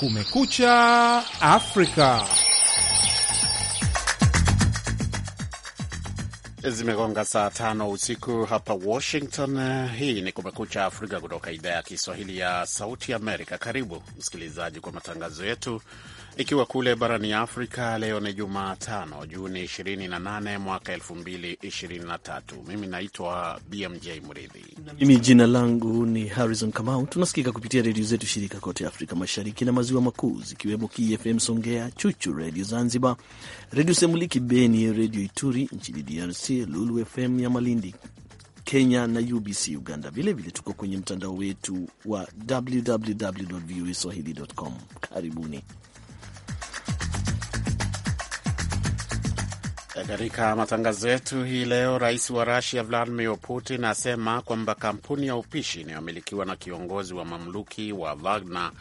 Kumekucha Afrika. Zimegonga saa tano usiku hapa Washington. Hii ni Kumekucha Afrika kutoka idhaa ya Kiswahili ya Sauti Amerika. Karibu msikilizaji kwa matangazo yetu ikiwa kule barani Afrika, leo ni Jumatano, Juni 28 mwaka 2023. Mimi naitwa BMJ Mridhi. Mimi jina langu ni Harrison Kamau. Tunasikika kupitia redio zetu shirika kote Afrika Mashariki na Maziwa Makuu, zikiwemo KFM Songea, Chuchu Redio Zanzibar, Redio Semuliki Beni, Redio Ituri nchini DRC, Lulu FM ya Malindi Kenya na UBC Uganda. Vilevile tuko kwenye mtandao wetu wa www voa Karibuni. Katika matangazo yetu hii leo, rais wa Rusia Vladimir Putin asema kwamba kampuni ya upishi inayomilikiwa na kiongozi wa mamluki wa Wagner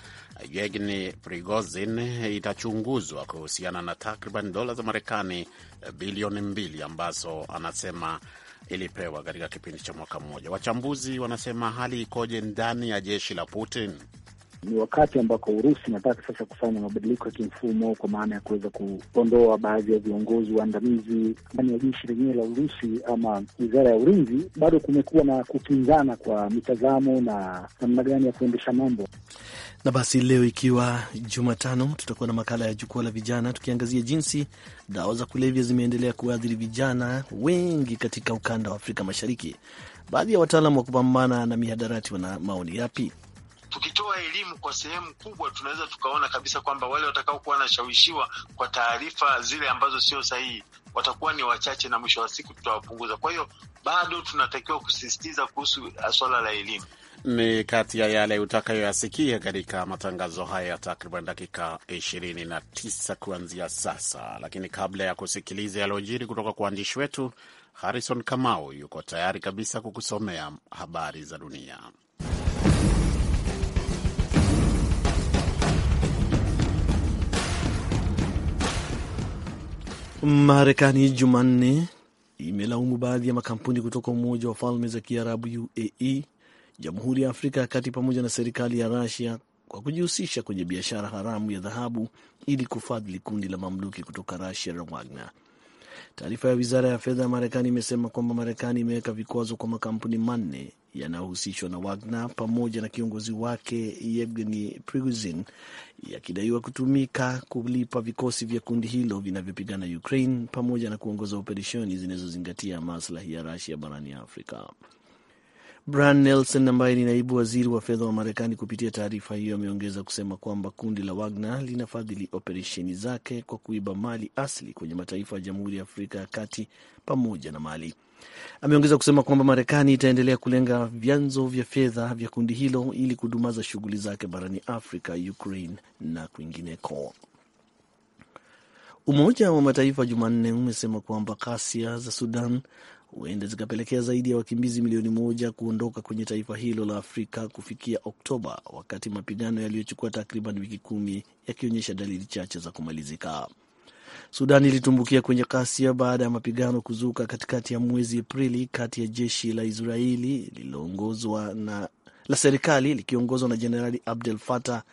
Yegni prigozin itachunguzwa kuhusiana na takriban dola za Marekani bilioni mbili ambazo anasema ilipewa katika kipindi cha mwaka mmoja. Wachambuzi wanasema hali ikoje ndani ya jeshi la Putin? Ni wakati ambako Urusi inataka sasa kufanya mabadiliko ya kimfumo, kwa maana ya kuweza kuondoa baadhi ya viongozi waandamizi ndani ya jeshi lenyewe la Urusi ama wizara ya ulinzi. Bado kumekuwa na kupinzana kwa mitazamo na namna gani ya kuendesha mambo. Na basi leo ikiwa Jumatano, tutakuwa na makala ya jukwaa la vijana, tukiangazia jinsi dawa za kulevya zimeendelea kuathiri vijana wengi katika ukanda wa Afrika Mashariki. Baadhi ya wataalamu wa kupambana na mihadarati wana maoni yapi? Tukitoa elimu kwa sehemu kubwa, tunaweza tukaona kabisa kwamba wale watakaokuwa wanashawishiwa kwa taarifa zile ambazo sio sahihi watakuwa ni wachache, na mwisho wa siku tutawapunguza. Kwa hiyo bado tunatakiwa kusisitiza kuhusu uh, swala la elimu. Ni kati ya yale utakayoyasikia katika matangazo haya ya takriban dakika 29 kuanzia sasa. Lakini kabla ya kusikiliza yaliyojiri kutoka kwa waandishi wetu, Harrison Kamau yuko tayari kabisa kukusomea habari za dunia. Marekani Jumanne imelaumu baadhi ya makampuni kutoka Umoja wa Falme za Kiarabu UAE, Jamhuri ya Afrika ya Kati pamoja na serikali ya rasia kwa kujihusisha kwenye biashara haramu ya dhahabu ili kufadhili kundi la mamluki kutoka rasia la Wagner. Taarifa ya wizara ya fedha ya Marekani imesema kwamba Marekani imeweka vikwazo kwa makampuni manne yanayohusishwa na Wagner pamoja na kiongozi wake Yevgeni Prigozhin yakidaiwa kutumika kulipa vikosi vya kundi hilo vinavyopigana Ukraine pamoja na kuongoza operesheni zinazozingatia maslahi ya Rusia barani Afrika. Brian Nelson ambaye ni naibu waziri wa fedha wa Marekani, kupitia taarifa hiyo ameongeza kusema kwamba kundi la Wagner linafadhili operesheni zake kwa kuiba mali asili kwenye mataifa ya Jamhuri ya Afrika ya Kati pamoja na Mali. Ameongeza kusema kwamba Marekani itaendelea kulenga vyanzo vya fedha vya kundi hilo ili kudumaza shughuli zake barani Afrika, Ukraine na kwingineko. Umoja wa Mataifa Jumanne umesema kwamba ghasia za Sudan huenda zikapelekea zaidi ya wakimbizi milioni moja kuondoka kwenye taifa hilo la Afrika kufikia Oktoba, wakati mapigano yaliyochukua takriban wiki kumi yakionyesha dalili chache za kumalizika. Sudan ilitumbukia kwenye ghasia baada ya mapigano kuzuka katikati ya mwezi Aprili kati ya jeshi la Israeli lililoongozwa na la serikali likiongozwa na Jenerali Abdel Fattah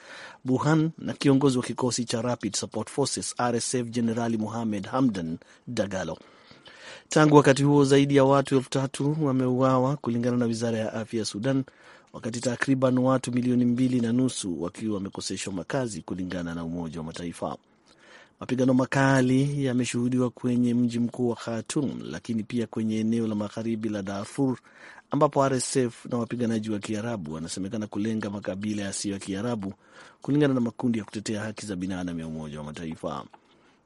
Burhan na kiongozi wa kikosi cha Rapid Support Forces RSF Jenerali Mohamed Hamdan Dagalo. Tangu wakati huo zaidi ya watu elfu tatu wameuawa kulingana na wizara ya afya ya Sudan, wakati takriban watu milioni mbili na nusu wakiwa wamekoseshwa makazi kulingana na Umoja wa Mataifa. Mapigano makali yameshuhudiwa kwenye mji mkuu wa Khartoum, lakini pia kwenye eneo la magharibi la Darfur ambapo RSF na wapiganaji wa Kiarabu wanasemekana kulenga makabila yasiyo ya Kiarabu kulingana na makundi ya kutetea haki za binadamu ya Umoja wa Mataifa.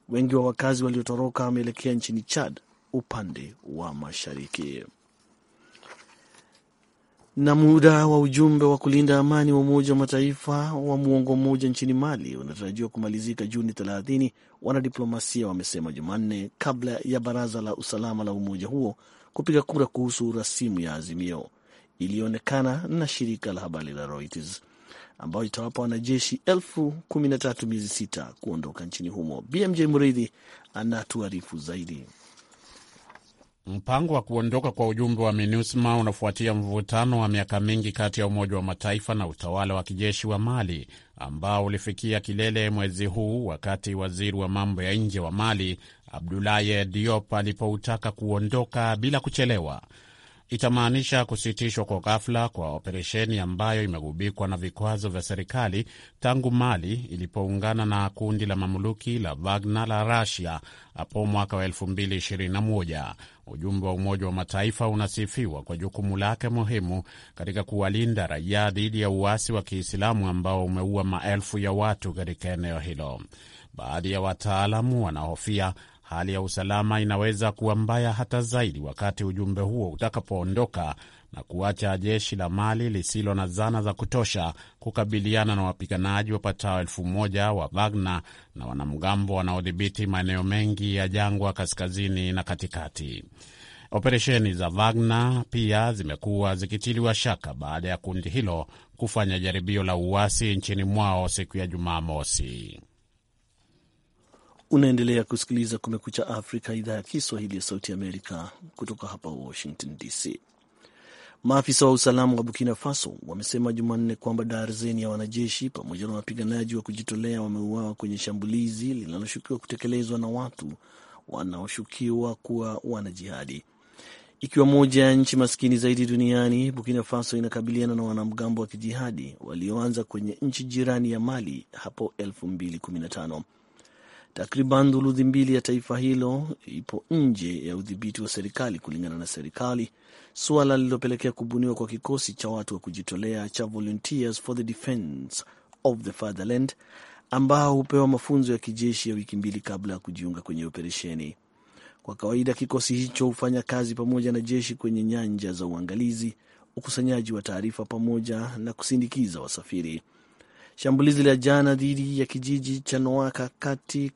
Wengi wa wakazi waliotoroka wameelekea nchini Chad upande wa mashariki. Na muda wa ujumbe wa kulinda amani wa Umoja wa Mataifa wa muongo mmoja nchini Mali unatarajiwa kumalizika Juni 30, wanadiplomasia wamesema Jumanne, kabla ya baraza la usalama la umoja huo kupiga kura kuhusu rasimu ya azimio iliyoonekana na shirika la habari la Reuters ambayo itawapa wanajeshi elfu kumi na tatu miezi sita kuondoka nchini humo. BMJ Mridhi anatuarifu zaidi. Mpango wa kuondoka kwa ujumbe wa MINUSMA unafuatia mvutano wa miaka mingi kati ya Umoja wa Mataifa na utawala wa kijeshi wa Mali ambao ulifikia kilele mwezi huu wakati waziri wa mambo ya nje wa Mali Abdoulaye Diop alipoutaka kuondoka bila kuchelewa itamaanisha kusitishwa kwa ghafla kwa operesheni ambayo imegubikwa na vikwazo vya serikali tangu Mali ilipoungana na kundi la mamluki la Wagner la Russia hapo mwaka wa 2021. Ujumbe wa Umoja wa Mataifa unasifiwa kwa jukumu lake muhimu katika kuwalinda raia dhidi ya uasi wa Kiislamu ambao umeua maelfu ya watu katika eneo hilo. Baadhi ya wataalamu wanahofia hali ya usalama inaweza kuwa mbaya hata zaidi wakati ujumbe huo utakapoondoka na kuacha jeshi la Mali lisilo na zana za kutosha kukabiliana na wapiganaji wapatao elfu moja wa Wagner na wanamgambo wanaodhibiti maeneo mengi ya jangwa kaskazini na katikati. Operesheni za Wagner pia zimekuwa zikitiliwa shaka baada ya kundi hilo kufanya jaribio la uasi nchini mwao siku ya Jumamosi. Unaendelea kusikiliza Kumekucha Afrika, idhaa ya Kiswahili ya Sauti Amerika kutoka hapa Washington DC. Maafisa wa usalama wa Burkina Faso wamesema Jumanne kwamba darzeni ya wanajeshi pamoja na wapiganaji wa kujitolea wameuawa kwenye shambulizi linaloshukiwa kutekelezwa na watu wanaoshukiwa kuwa wanajihadi. Ikiwa moja ya nchi maskini zaidi duniani, Burkina Faso inakabiliana na wanamgambo wa kijihadi walioanza kwenye nchi jirani ya Mali hapo 2015. Takriban thuluthi mbili ya taifa hilo ipo nje ya udhibiti wa serikali, kulingana na serikali, suala lililopelekea kubuniwa kwa kikosi cha watu wa kujitolea cha Volunteers for the Defense of the Fatherland ambao hupewa mafunzo ya kijeshi ya wiki mbili kabla ya kujiunga kwenye operesheni. Kwa kawaida kikosi hicho hufanya kazi pamoja na jeshi kwenye nyanja za uangalizi, ukusanyaji wa taarifa, pamoja na kusindikiza wasafiri. Shambulizi la jana dhidi ya kijiji cha Noaka kati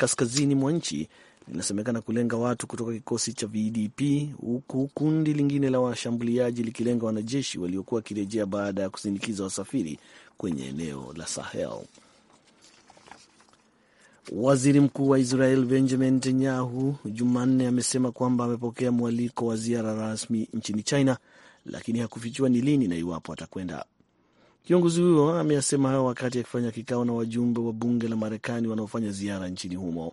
kaskazini mwa nchi linasemekana kulenga watu kutoka kikosi cha VDP huku kundi lingine la washambuliaji likilenga wanajeshi waliokuwa wakirejea baada ya kusindikiza wasafiri kwenye eneo la Sahel. Waziri Mkuu wa Israel Benjamin Netanyahu Jumanne amesema kwamba amepokea mwaliko wa ziara rasmi nchini China, lakini hakufichua ni lini na iwapo atakwenda. Kiongozi huyo ameyasema hayo wakati akifanya kikao na wajumbe wa bunge la Marekani wanaofanya ziara nchini humo.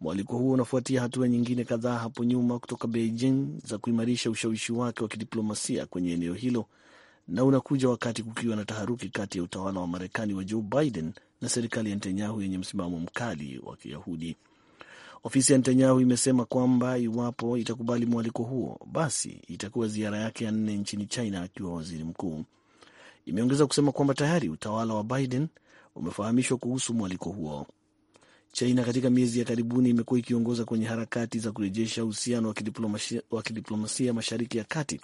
Mwaliko huo unafuatia hatua nyingine kadhaa hapo nyuma kutoka Beijing za kuimarisha ushawishi wake wa kidiplomasia kwenye eneo hilo na unakuja wakati kukiwa na taharuki kati ya utawala wa Marekani wa Joe Biden na serikali ya Netanyahu yenye msimamo mkali wa Kiyahudi. Ofisi ya Netanyahu imesema kwamba iwapo itakubali mwaliko huo, basi itakuwa ziara yake ya nne nchini China akiwa waziri mkuu. Imeongeza kusema kwamba tayari utawala wa Biden umefahamishwa kuhusu mwaliko huo. China katika miezi ya karibuni imekuwa ikiongoza kwenye harakati za kurejesha uhusiano wa kidiplomasia Mashariki ya Kati,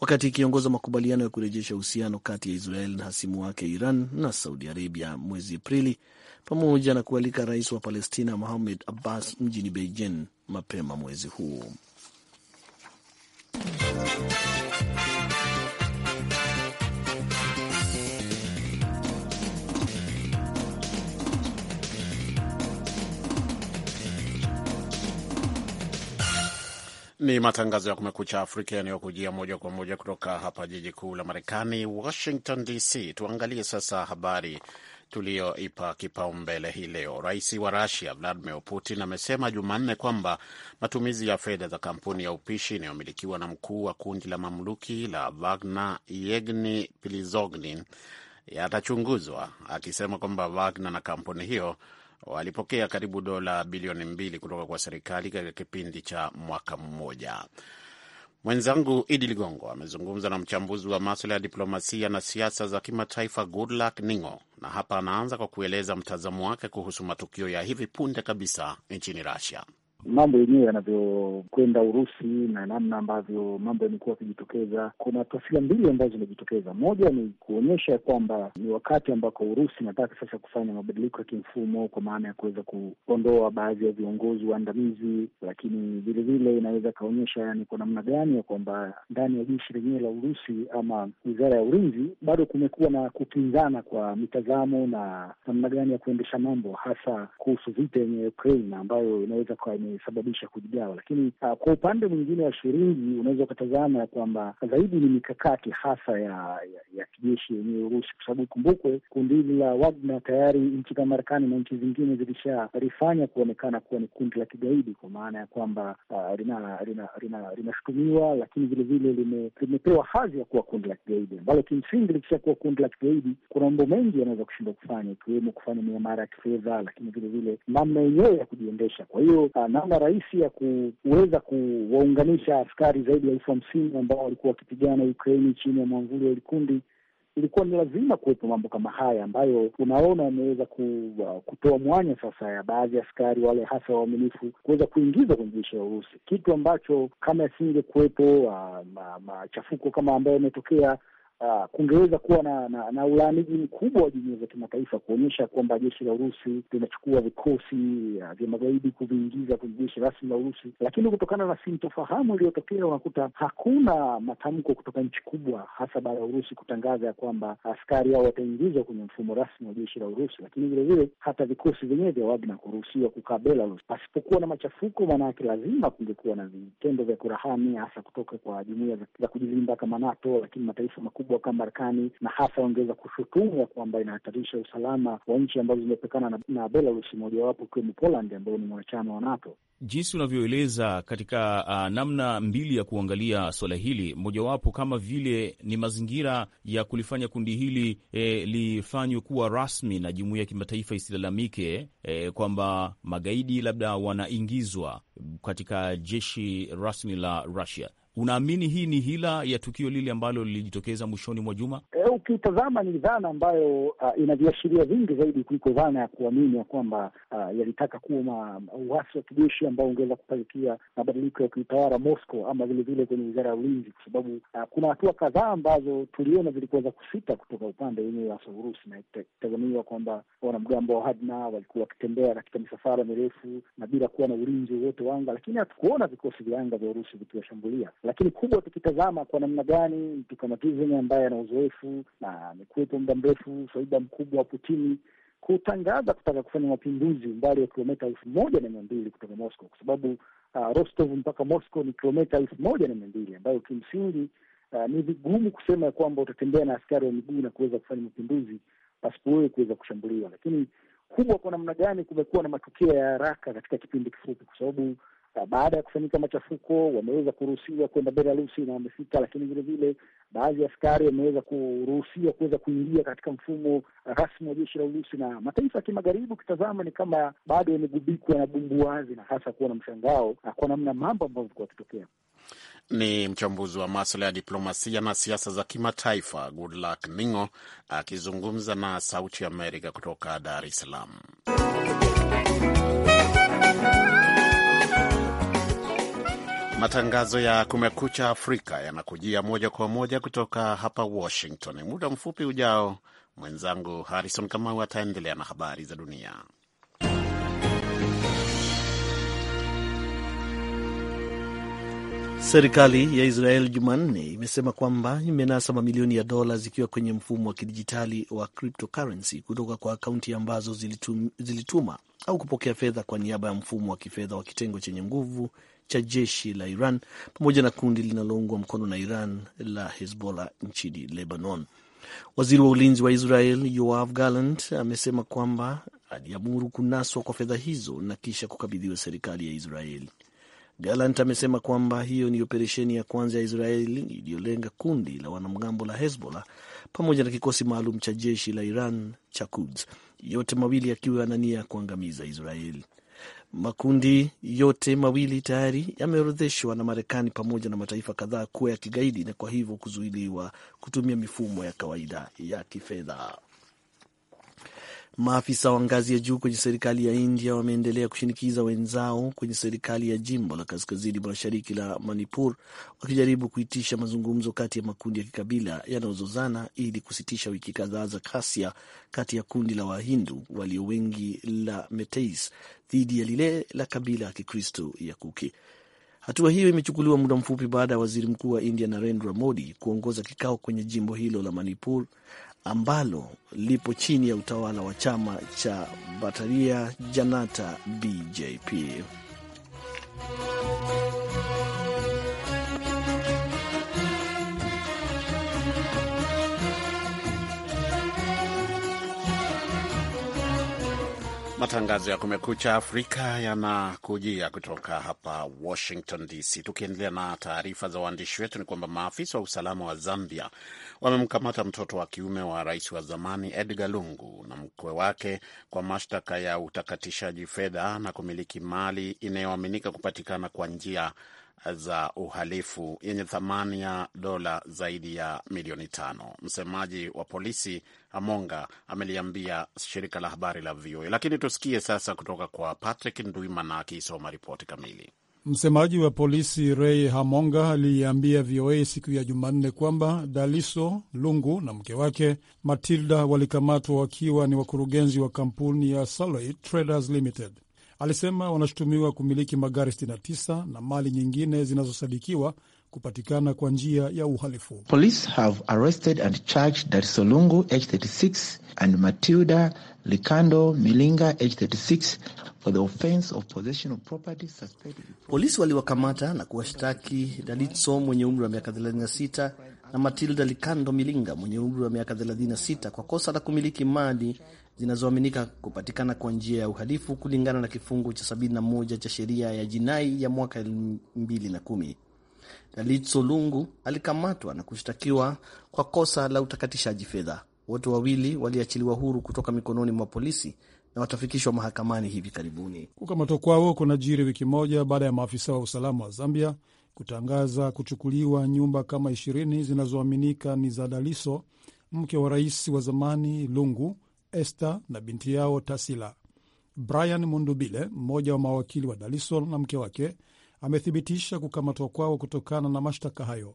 wakati ikiongoza makubaliano ya kurejesha uhusiano kati ya Israel na hasimu wake Iran na Saudi Arabia mwezi Aprili, pamoja na kualika rais wa Palestina muhamed Abbas mjini Beijing mapema mwezi huu. Ni matangazo ya Kumekucha Afrika yanayokujia moja kwa moja kutoka hapa jiji kuu la Marekani, Washington DC. Tuangalie sasa habari tuliyoipa kipaumbele hii leo. Rais wa Rusia Vladimir Putin amesema Jumanne kwamba matumizi ya fedha za kampuni ya upishi inayomilikiwa na mkuu wa kundi la mamluki la Wagner yegni Prigozhin yatachunguzwa, akisema kwamba Wagner na kampuni hiyo walipokea karibu dola bilioni mbili kutoka kwa serikali katika kipindi cha mwaka mmoja. Mwenzangu Idi Ligongo amezungumza na mchambuzi wa maswala ya diplomasia na siasa za kimataifa Goodluck Ningo, na hapa anaanza kwa kueleza mtazamo wake kuhusu matukio ya hivi punde kabisa nchini Russia mambo yenyewe yanavyokwenda Urusi na namna ambavyo mambo yamekuwa yakijitokeza. Kuna taswira mbili ambazo zimejitokeza. Moja ni kuonyesha kwamba ni wakati ambako Urusi inataka sasa kufanya mabadiliko ya kimfumo, kwa maana ya kuweza kuondoa baadhi ya viongozi waandamizi, lakini vilevile inaweza ikaonyesha ni kwa namna gani ya kwamba ndani ya jeshi lenyewe la Urusi ama wizara ya ulinzi bado kumekuwa na kupinzana kwa mitazamo na namna gani ya kuendesha mambo, hasa kuhusu vita yenye Ukraine ambayo inaweza kuwa ime yanaisababisha kujigawa. Lakini uh, kwa upande mwingine wa shilingi unaweza ukatazama ya kwamba zaidi ni mikakati hasa ya ya, ya kijeshi yenyewe Urusi, kwa sababu ikumbukwe kundi hili la Wagner tayari nchi za Marekani na nchi zingine zilisharifanya kuonekana kuwa ni kundi la kigaidi, kwa maana ya kwamba ah, linashutumiwa uh, lakini vilevile lime, limepewa hadhi ya kuwa kundi la kigaidi ambalo kimsingi likishakuwa kundi la kigaidi kuna mambo mengi yanaweza kushindwa kufanya ikiwemo kufanya miamara ya kifedha, lakini vilevile namna yenyewe ya kujiendesha. Kwa hiyo uh, namna rahisi ya kuweza kuwaunganisha askari zaidi ya elfu hamsini ambao walikuwa wakipigana Ukraini chini ya mwamvuli wa likundi ilikuwa ni lazima kuwepo mambo kama haya ambayo unaona wameweza ku, uh, kutoa mwanya sasa ya baadhi ya askari wale hasa waaminifu kuweza kuingizwa kwenye jeshi la Urusi, kitu ambacho kama yasingekuwepo uh, machafuko kama ambayo yametokea uh, kungeweza kuwa na, na, na ulaamizi mkubwa wa jumuia za kimataifa kuonyesha kwamba jeshi la Urusi linachukua vikosi uh, vya magaidi kuviingiza kwenye jeshi rasmi la Urusi, lakini kutokana na sintofahamu iliyotokea unakuta hakuna matamko kutoka nchi kubwa, hasa baada ya Urusi kutangaza ya kwamba askari hao wataingizwa kwenye mfumo rasmi wa jeshi la Urusi, lakini vilevile hata vikosi vyenyewe vya Wagner kuruhusiwa kukaa Belarus pasipokuwa na machafuko. Maanayake lazima kungekuwa na vitendo vya kurahani, hasa kutoka kwa jumuia za kujilinda kama NATO, lakini mataifa makubwa kubwa kama Marekani, na hasa wangeweza kushutumu ya kwamba inahatarisha usalama wa nchi ambazo zimepekana na, na Belarusi, mojawapo ikiwemo Poland ambayo ni mwanachama wa NATO. Jinsi unavyoeleza katika uh, namna mbili ya kuangalia swala hili, mojawapo kama vile ni mazingira ya kulifanya kundi hili eh, lifanywe kuwa rasmi na jumuiya ya kimataifa isilalamike eh, kwamba magaidi labda wanaingizwa katika jeshi rasmi la Russia Unaamini hii ni hila ya tukio lile ambalo lilijitokeza mwishoni mwa juma? E, ukitazama ni dhana ambayo uh, ina viashiria vingi zaidi kuliko dhana ya kuamini ya kwamba uh, yalitaka kuwa uasi wa kijeshi ambao ungeweza kupelekea mabadiliko ya kiutawala Moscow ama vilevile kwenye wizara ya ulinzi, kwa sababu uh, kuna hatua kadhaa ambazo tuliona zilikuweza kusita kutoka upande wenyewe hasa Urusi, na ikitazamiwa kwamba wanamgambo wa Hadna walikuwa wakitembea katika misafara mirefu na bila kuwa na ulinzi wowote wa anga, lakini hatukuona vikosi vya anga vya Urusi vikiwashambulia lakini kubwa tukitazama kwa namna gani mtu kama ambaye ana uzoefu na amekuwepo muda mrefu, faida mkubwa wa Putini kutangaza kutaka kufanya mapinduzi umbali wa kilomita elfu moja na mia mbili kutoka Moscow kwa sababu uh, Rostov mpaka Moscow ni kilomita elfu moja na mia mbili ambayo kimsingi uh, ni vigumu kusema ya kwamba utatembea na askari wa miguu na kuweza kufanya mapinduzi pasipo wewe kuweza kushambuliwa. Lakini kubwa kwa namna gani kumekuwa na matukio ya haraka katika kipindi kifupi, kwa sababu baada ya kufanyika machafuko wameweza kuruhusiwa kwenda Belarusi na wamefika, lakini vilevile baadhi ya askari wameweza kuruhusiwa kuweza kuingia katika mfumo rasmi wa jeshi la Urusi. Na mataifa ya kimagharibi ukitazama, ni kama bado yamegubikwa na bumbuazi na hasa kuwa na mshangao kwa namna mambo ambayo yalikuwa yakitokea. Ni mchambuzi wa maswala ya diplomasia na siasa za kimataifa Goodluck Ningo akizungumza na Sauti Amerika kutoka Dar es Salaam. Matangazo ya Kumekucha Afrika yanakujia moja kwa moja kutoka hapa Washington. Muda mfupi ujao, mwenzangu Harrison Kamau ataendelea na habari za dunia. Serikali ya Israel Jumanne imesema kwamba imenasa mamilioni ya dola zikiwa kwenye mfumo wa kidijitali wa cryptocurrency kutoka kwa akaunti ambazo zilituma, zilituma au kupokea fedha kwa niaba ya mfumo wa kifedha wa kitengo chenye nguvu cha jeshi la Iran pamoja na kundi linaloungwa mkono na Iran la Hezbollah nchini Lebanon. Waziri wa ulinzi wa Israel Yoav Gallant amesema kwamba aliamuru kunaswa kwa fedha hizo na kisha kukabidhiwa serikali ya Israeli. Gallant amesema kwamba hiyo ni operesheni ya kwanza ya israel iliyolenga kundi la wanamgambo la Hezbollah pamoja na kikosi maalum cha jeshi la Iran cha Quds, yote mawili yakiwa na nia ya kuangamiza Israeli. Makundi yote mawili tayari yameorodheshwa na Marekani pamoja na mataifa kadhaa kuwa ya kigaidi na kwa hivyo kuzuiliwa kutumia mifumo ya kawaida ya kifedha. Maafisa wa ngazi ya juu kwenye serikali ya India wameendelea kushinikiza wenzao kwenye serikali ya jimbo la kaskazini mashariki la Manipur wakijaribu kuitisha mazungumzo kati ya makundi ya kikabila yanayozozana ili kusitisha wiki kadhaa za ghasia kati ya kundi la Wahindu walio wengi la Meteis dhidi ya lile la kabila ya Kikristo ya Kuki. Hatua hiyo imechukuliwa muda mfupi baada ya waziri mkuu wa India Narendra Modi kuongoza kikao kwenye jimbo hilo la Manipur ambalo lipo chini ya utawala wa chama cha Bataria Janata BJP. Matangazo ya Kumekucha Afrika yanakujia kutoka hapa Washington DC. Tukiendelea na taarifa za waandishi wetu, ni kwamba maafisa wa usalama wa Zambia wamemkamata mtoto wa kiume wa rais wa zamani Edgar Lungu na mkwe wake kwa mashtaka ya utakatishaji fedha na kumiliki mali inayoaminika kupatikana kwa njia za uhalifu yenye thamani ya dola zaidi ya milioni tano. Msemaji wa polisi Amonga ameliambia shirika la habari la VOA. Lakini tusikie sasa kutoka kwa Patrick Ndwimana akiisoma ripoti kamili. Msemaji wa polisi Ray Hamonga aliiambia VOA siku ya Jumanne kwamba Daliso Lungu na mke wake Matilda walikamatwa wakiwa ni wakurugenzi wa kampuni ya Solei Traders Limited. Alisema wanashutumiwa kumiliki magari 69 na mali nyingine zinazosadikiwa kupatikana kwa njia ya uhalifu. Police have arrested and charged Darisolungu H36 and Matilda Likando Milinga H36 for the offense of possession of property suspected. Polisi waliwakamata na kuwashtaki Dalitso mwenye umri wa miaka 36 na Matilda Likando Milinga mwenye umri wa miaka 36 kwa kosa la kumiliki mali zinazoaminika kupatikana kwa njia ya uhalifu kulingana na kifungu cha 71 cha sheria ya jinai ya mwaka 2010. Dalitso Lungu alikamatwa na kushtakiwa kwa kosa la utakatishaji fedha. Wote wawili waliachiliwa huru kutoka mikononi mwa polisi na watafikishwa mahakamani hivi karibuni. Kukamatwa kwao kunajiri wiki moja baada ya maafisa wa usalama wa Zambia kutangaza kuchukuliwa nyumba kama ishirini zinazoaminika ni za Daliso, mke wa rais wa zamani Lungu, Esther na binti yao Tasila. Brian Mundubile, mmoja wa mawakili wa Daliso na mke wake, amethibitisha kukamatwa kwao kutokana na mashtaka hayo.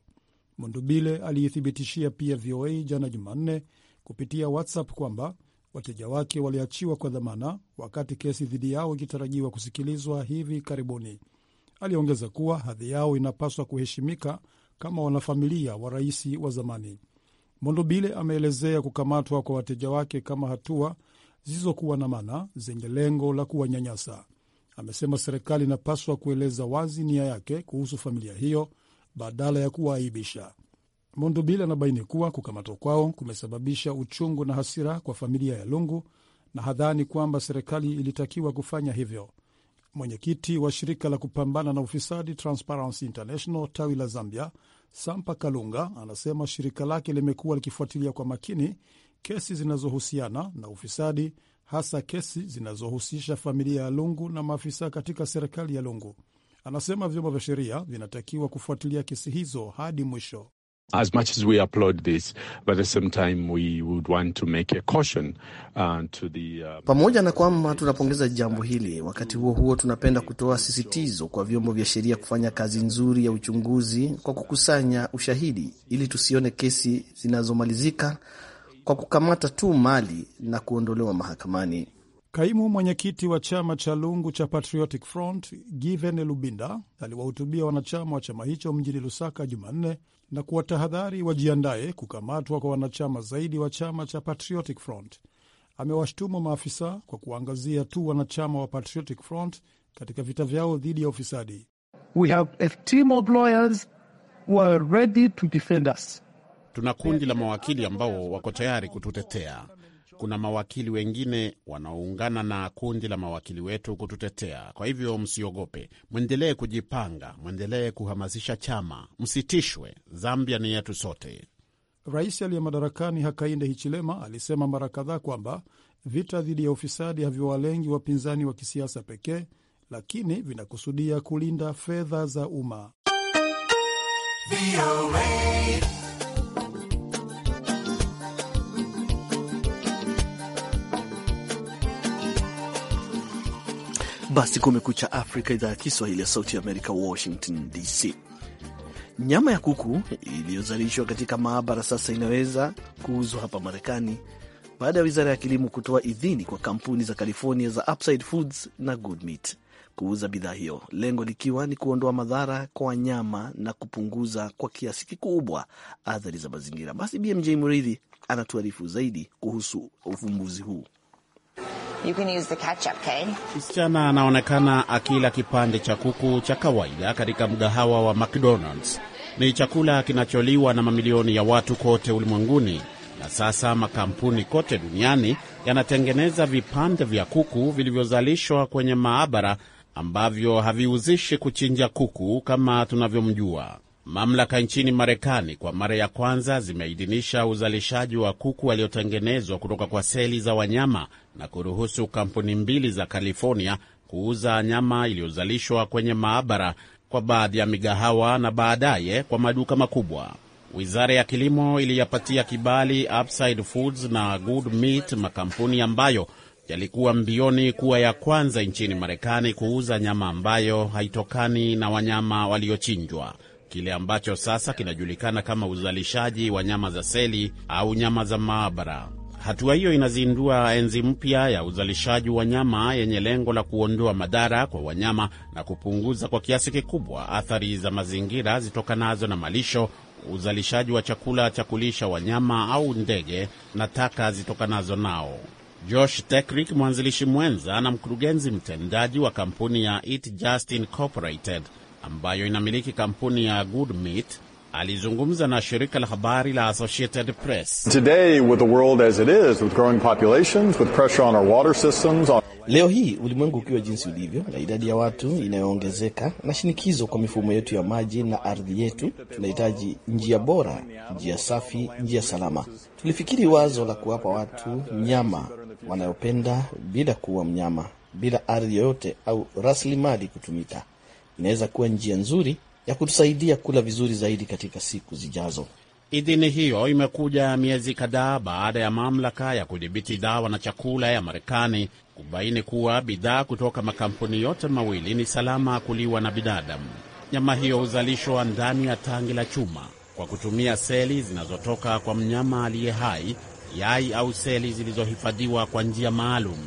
Mundubile aliithibitishia pia VOA jana Jumanne kupitia WhatsApp kwamba wateja wake waliachiwa kwa dhamana, wakati kesi dhidi yao ikitarajiwa kusikilizwa hivi karibuni. Aliongeza kuwa hadhi yao inapaswa kuheshimika kama wanafamilia wa rais wa zamani. Mondobile ameelezea kukamatwa kwa wateja wake kama hatua zisizokuwa na maana zenye lengo la kuwanyanyasa. Amesema serikali inapaswa kueleza wazi nia yake kuhusu familia hiyo badala ya kuwaaibisha. Mondobile anabaini kuwa kukamatwa kwao kumesababisha uchungu na hasira kwa familia ya Lungu na hadhani kwamba serikali ilitakiwa kufanya hivyo. Mwenyekiti wa shirika la kupambana na ufisadi Transparency International tawi la Zambia, Sampa Kalunga, anasema shirika lake limekuwa likifuatilia kwa makini kesi zinazohusiana na ufisadi, hasa kesi zinazohusisha familia ya Lungu na maafisa katika serikali ya Lungu. Anasema vyombo vya sheria vinatakiwa kufuatilia kesi hizo hadi mwisho as much as we applaud this, but at the same time we would want to make a caution uh, to the uh, pamoja na kwamba tunapongeza jambo hili, wakati huo huo tunapenda kutoa sisitizo kwa vyombo vya sheria kufanya kazi nzuri ya uchunguzi kwa kukusanya ushahidi ili tusione kesi zinazomalizika kwa kukamata tu mali na kuondolewa mahakamani. Kaimu mwenyekiti wa chama cha lungu cha Patriotic Front Given Lubinda aliwahutubia wanachama wa chama hicho mjini Lusaka Jumanne na kuwatahadhari wajiandaye kukamatwa kwa wanachama zaidi wa chama cha Patriotic Front. Amewashtumu maafisa kwa kuangazia tu wanachama wa Patriotic Front katika vita vyao dhidi ya ufisadi. We have a team of lawyers who are ready to defend us. Tuna kundi la mawakili ambao wako tayari kututetea kuna mawakili wengine wanaoungana na kundi la mawakili wetu kututetea. Kwa hivyo msiogope, mwendelee kujipanga, mwendelee kuhamasisha chama, msitishwe. Zambia ni yetu sote. Rais aliye madarakani Hakainde Hichilema alisema mara kadhaa kwamba vita dhidi ya ufisadi havyowalengi wapinzani wa kisiasa pekee, lakini vinakusudia kulinda fedha za umma. Basi kumekucha Afrika, idhaa ya Kiswahili ya Sauti ya Amerika, Washington DC. Nyama ya kuku iliyozalishwa katika maabara sasa inaweza kuuzwa hapa Marekani baada ya wizara ya kilimo kutoa idhini kwa kampuni za California za Upside Foods na Good Meat kuuza bidhaa hiyo, lengo likiwa ni kuondoa madhara kwa wanyama na kupunguza kwa kiasi kikubwa athari za mazingira. Basi BMJ Muridhi anatuarifu zaidi kuhusu ufumbuzi huu. You can use the ketchup, okay? Msichana anaonekana akila kipande cha kuku cha kawaida katika mgahawa wa McDonald's. Ni chakula kinacholiwa na mamilioni ya watu kote ulimwenguni, na sasa makampuni kote duniani yanatengeneza vipande vya kuku vilivyozalishwa kwenye maabara ambavyo haviuzishi kuchinja kuku kama tunavyomjua. Mamlaka nchini Marekani kwa mara ya kwanza zimeidhinisha uzalishaji wa kuku waliotengenezwa kutoka kwa seli za wanyama na kuruhusu kampuni mbili za California kuuza nyama iliyozalishwa kwenye maabara kwa baadhi ya migahawa na baadaye kwa maduka makubwa. Wizara ya Kilimo iliyapatia kibali Upside Foods na Good Meat, makampuni ambayo yalikuwa mbioni kuwa ya kwanza nchini Marekani kuuza nyama ambayo haitokani na wanyama waliochinjwa kile ambacho sasa kinajulikana kama uzalishaji wa nyama za seli au nyama za maabara. Hatua hiyo inazindua enzi mpya ya uzalishaji wa nyama yenye lengo la kuondoa madhara kwa wanyama na kupunguza kwa kiasi kikubwa athari za mazingira zitokanazo na malisho, uzalishaji wa chakula cha kulisha wanyama au ndege na taka zitokanazo nao. Josh Tekrick, mwanzilishi mwenza na mkurugenzi mtendaji wa kampuni ya Eat Just Incorporated ambayo inamiliki kampuni ya Good Meat alizungumza na shirika la habari la Associated Press. Today, with the world as it is, with growing populations, with pressure on our water systems, on... Leo hii ulimwengu ukiwa jinsi ulivyo na idadi ya watu inayoongezeka na shinikizo kwa mifumo yetu ya maji na ardhi yetu, tunahitaji njia bora, njia safi, njia salama. Tulifikiri wazo la kuwapa watu nyama wanayopenda bila kuwa mnyama, bila ardhi yoyote au rasilimali kutumika inaweza kuwa njia nzuri ya kutusaidia kula vizuri zaidi katika siku zijazo. Idhini hiyo imekuja miezi kadhaa baada ya mamlaka ya kudhibiti dawa na chakula ya Marekani kubaini kuwa bidhaa kutoka makampuni yote mawili ni salama kuliwa na binadamu. Nyama hiyo huzalishwa ndani ya tangi la chuma kwa kutumia seli zinazotoka kwa mnyama aliye hai, yai au seli zilizohifadhiwa kwa njia maalum.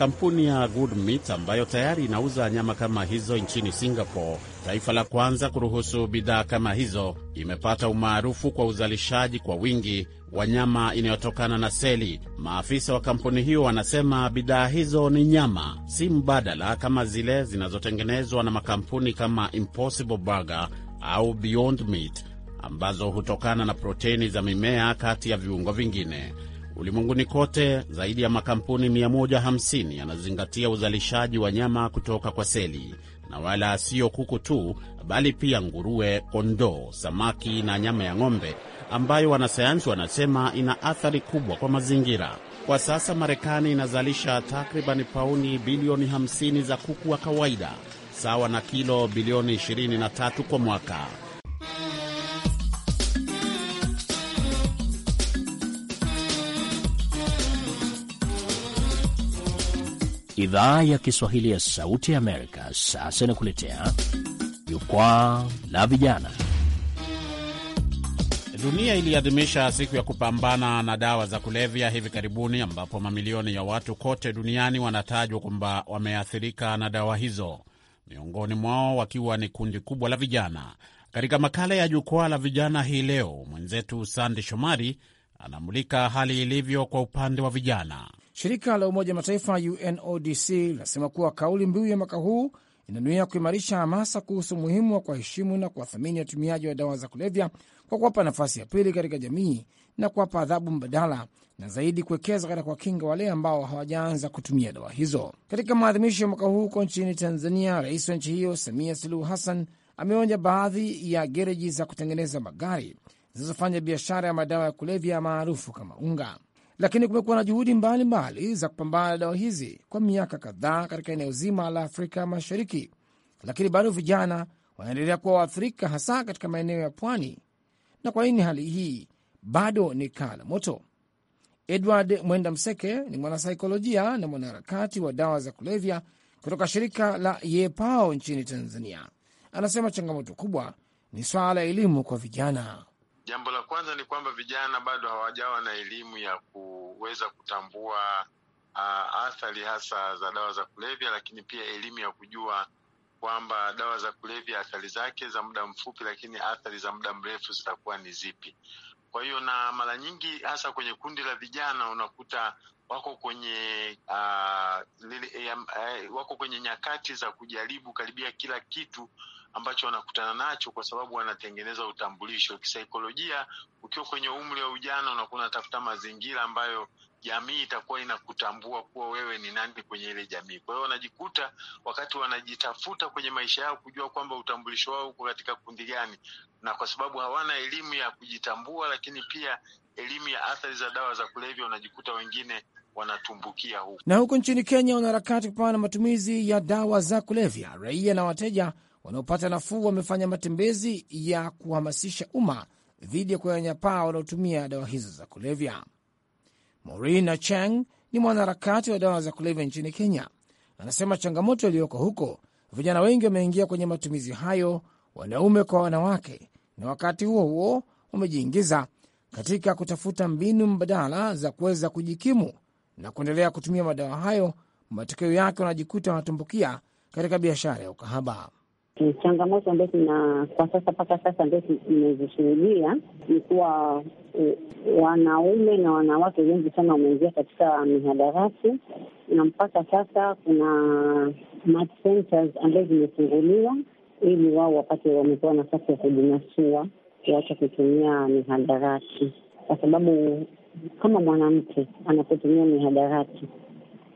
Kampuni ya Good Meat ambayo tayari inauza nyama kama hizo nchini Singapore, taifa la kwanza kuruhusu bidhaa kama hizo, imepata umaarufu kwa uzalishaji kwa wingi wa nyama inayotokana na seli. Maafisa wa kampuni hiyo wanasema bidhaa hizo ni nyama, si mbadala kama zile zinazotengenezwa na makampuni kama Impossible Burger au Beyond Meat ambazo hutokana na proteini za mimea kati ya viungo vingine. Ulimwenguni kote zaidi ya makampuni 150 yanazingatia uzalishaji wa nyama kutoka kwa seli, na wala sio kuku tu, bali pia nguruwe, kondoo, samaki na nyama ya ng'ombe, ambayo wanasayansi wanasema ina athari kubwa kwa mazingira. Kwa sasa Marekani inazalisha takribani pauni bilioni 50 za kuku wa kawaida, sawa na kilo bilioni 23 kwa mwaka. Idhaa ya Kiswahili ya Sauti ya Amerika sasa inakuletea jukwaa la vijana. Dunia iliadhimisha siku ya kupambana na dawa za kulevya hivi karibuni, ambapo mamilioni ya watu kote duniani wanatajwa kwamba wameathirika na dawa hizo, miongoni mwao wakiwa ni kundi kubwa la vijana. Katika makala ya jukwaa la vijana hii leo, mwenzetu Sande Shomari anamulika hali ilivyo kwa upande wa vijana. Shirika la Umoja Mataifa UNODC linasema kuwa kauli mbiu ya mwaka huu inanuia kuimarisha hamasa kuhusu umuhimu wa kuwaheshimu na kuwathamini watumiaji wa dawa za kulevya kwa kuwapa nafasi ya pili katika jamii na kuwapa adhabu mbadala na zaidi kuwekeza katika kuwakinga wale ambao hawajaanza kutumia dawa hizo. Katika maadhimisho ya mwaka huu huko nchini Tanzania, rais wa nchi hiyo Samia Suluhu Hassan ameonya baadhi ya gereji za kutengeneza magari zinazofanya biashara ya madawa ya kulevya maarufu kama unga lakini kumekuwa na juhudi mbalimbali za kupambana na dawa hizi kwa miaka kadhaa katika eneo zima la Afrika Mashariki, lakini bado vijana wanaendelea kuwa waathirika, hasa katika maeneo ya pwani. Na kwa nini hali hii bado ni kaa la moto? Edward Mwenda Mseke ni mwanasaikolojia na mwanaharakati wa dawa za kulevya kutoka shirika la Yepao nchini Tanzania. Anasema changamoto kubwa ni swala la elimu kwa vijana. Jambo la kwanza ni kwamba vijana bado hawajawa na elimu ya kuweza kutambua uh, athari hasa za dawa za kulevya, lakini pia elimu ya kujua kwamba dawa za kulevya athari zake za muda mfupi, lakini athari za muda mrefu zitakuwa ni zipi. Kwa hiyo na mara nyingi hasa kwenye kundi la vijana unakuta wako kwenye uh, lili, eh, eh, wako kwenye nyakati za kujaribu karibia kila kitu ambacho wanakutana nacho, kwa sababu wanatengeneza utambulisho. Kisaikolojia, ukiwa kwenye umri wa ujana, unakuwa unatafuta mazingira ambayo jamii itakuwa inakutambua kuwa wewe ni nani kwenye ile jamii. Kwa hiyo wanajikuta wakati wanajitafuta kwenye maisha yao kujua kwamba utambulisho wao uko katika kundi gani, na kwa sababu hawana elimu ya kujitambua, lakini pia elimu ya athari za dawa za kulevya, wanajikuta wengine wanatumbukia huku Na huku nchini Kenya, wanaharakati kupambana na matumizi ya dawa za kulevya, raia na wateja wanaopata nafuu wamefanya matembezi ya kuhamasisha umma dhidi ya kuwanyapaa wanaotumia dawa hizo za kulevya. Maureen Chang ni mwanaharakati wa dawa za kulevya nchini Kenya. Anasema changamoto iliyoko huko, vijana wengi wameingia kwenye matumizi hayo, wanaume kwa wanawake, na wakati huo huo wamejiingiza katika kutafuta mbinu mbadala za kuweza kujikimu na kuendelea kutumia madawa hayo. Matokeo yake wanajikuta wanatumbukia katika biashara ya ukahaba changamoto ambazo zina kwa sasa mpaka sasa ndio zimezishuhudia ni kuwa wanaume na wanawake wengi sana wameingia katika mihadarati, na mpaka sasa kuna match centers ambazo zimefunguliwa ili wao wapate, wamepewa nafasi ya kujinasua, kuacha kutumia mihadarati, kwa sababu kama mwanamke anapotumia mihadarati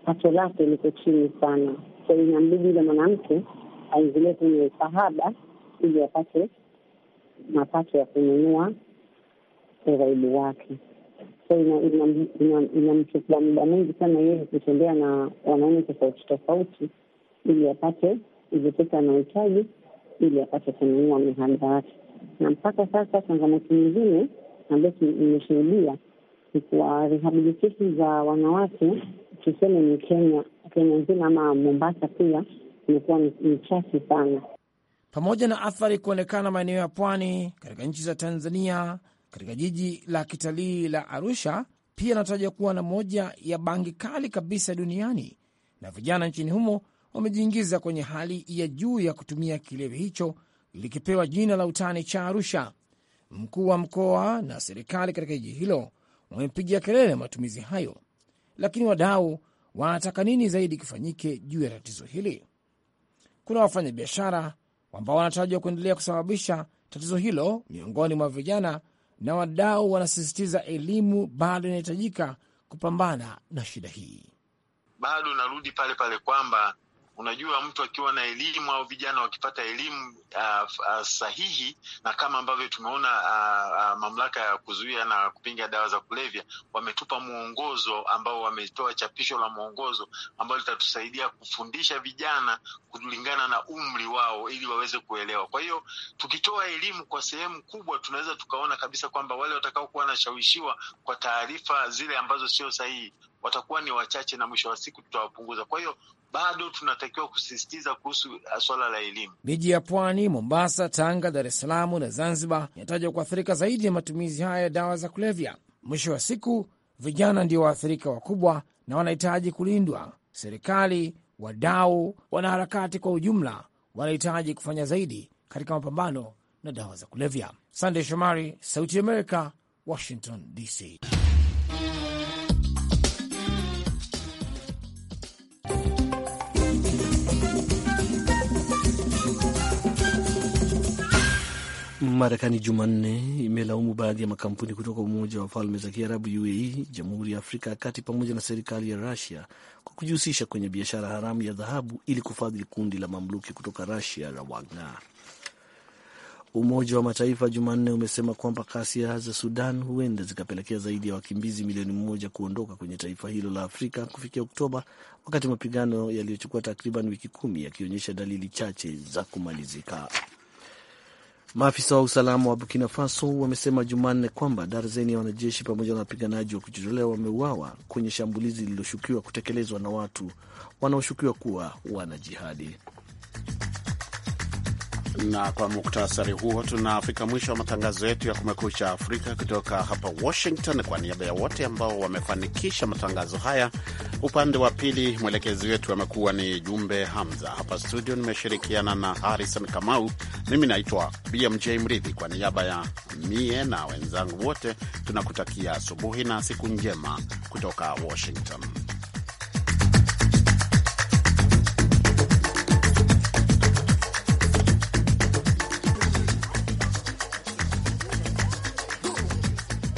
pato lake liko chini sana, so inambidi yule mwanamke aingilie kwenye sahaba ili wapate mapato ya kununua uraibu wake. So inamchukua muda mwingi sana yeye kutembea na wanaume tofauti tofauti ili apate hizo pesa anayohitaji ili apate kununua mihada wake. Na mpaka sasa changamoto nyingine ambayo imeshuhudia ni kuwa rehabilitation za wanawake, tuseme ni Kenya, Kenya nzima ama Mombasa pia imekuwa ni chache sana. Pamoja na athari kuonekana maeneo ya pwani katika nchi za Tanzania, katika jiji la kitalii la Arusha pia inatarajia kuwa na moja ya bangi kali kabisa duniani, na vijana nchini humo wamejiingiza kwenye hali ya juu ya kutumia kilevi hicho likipewa jina la utani cha Arusha. Mkuu wa mkoa na serikali katika jiji hilo wamepigia kelele matumizi hayo, lakini wadau wanataka nini zaidi kifanyike juu ya tatizo hili? kuna wafanyabiashara ambao wanatarajiwa kuendelea kusababisha tatizo hilo miongoni mwa vijana, na wadau wanasisitiza elimu bado inahitajika kupambana na shida hii. Bado narudi pale pale kwamba Unajua, mtu akiwa na elimu au vijana wakipata elimu uh, uh, sahihi na kama ambavyo tumeona uh, uh, mamlaka ya kuzuia na kupinga dawa za kulevya wametupa mwongozo ambao wametoa chapisho la mwongozo ambao litatusaidia kufundisha vijana kulingana na umri wao ili waweze kuelewa. Kwa hiyo tukitoa elimu kwa sehemu kubwa, tunaweza tukaona kabisa kwamba wale watakaokuwa wanashawishiwa kwa taarifa zile ambazo sio sahihi watakuwa ni wachache na mwisho wa siku tutawapunguza. Kwa hiyo bado tunatakiwa kusisitiza kuhusu ah, swala la elimu. Miji ya pwani Mombasa, Tanga, Dar es Salaam na Zanzibar inatajwa kuathirika zaidi ya matumizi haya ya dawa za kulevya. Mwisho wa siku, vijana ndio waathirika wakubwa na wanahitaji kulindwa. Serikali, wadau, wanaharakati kwa ujumla wanahitaji kufanya zaidi katika mapambano na dawa za kulevya. Sandey Shomari, Sauti ya Amerika, Washington DC. Marekani Jumanne imelaumu baadhi ya makampuni kutoka Umoja wa Falme za Kiarabu, UAE, Jamhuri ya Afrika ya Kati pamoja na serikali ya Rusia kwa kujihusisha kwenye biashara haramu ya dhahabu ili kufadhili kundi la mamluki kutoka Rusia la Wagner. Umoja wa Mataifa Jumanne umesema kwamba ghasia za Sudan huenda zikapelekea zaidi ya wakimbizi milioni moja kuondoka kwenye taifa hilo la Afrika kufikia Oktoba, wakati mapigano yaliyochukua takriban wiki kumi yakionyesha dalili chache za kumalizika. Maafisa wa usalama wa Burkina Faso wamesema Jumanne kwamba darzeni ya wanajeshi pamoja na wapiganaji wa kujitolea wameuawa kwenye shambulizi lililoshukiwa kutekelezwa na watu wanaoshukiwa kuwa wanajihadi. Na kwa muktasari huo tunafika mwisho wa matangazo yetu ya Kumekucha Afrika kutoka hapa Washington. Kwa niaba ya wote ambao wamefanikisha matangazo haya, upande wa pili mwelekezi wetu amekuwa ni Jumbe Hamza. Hapa studio nimeshirikiana na Harrison Kamau. Mimi naitwa BMJ Mridhi. Kwa niaba ya mie na wenzangu wote tunakutakia asubuhi na siku njema kutoka Washington.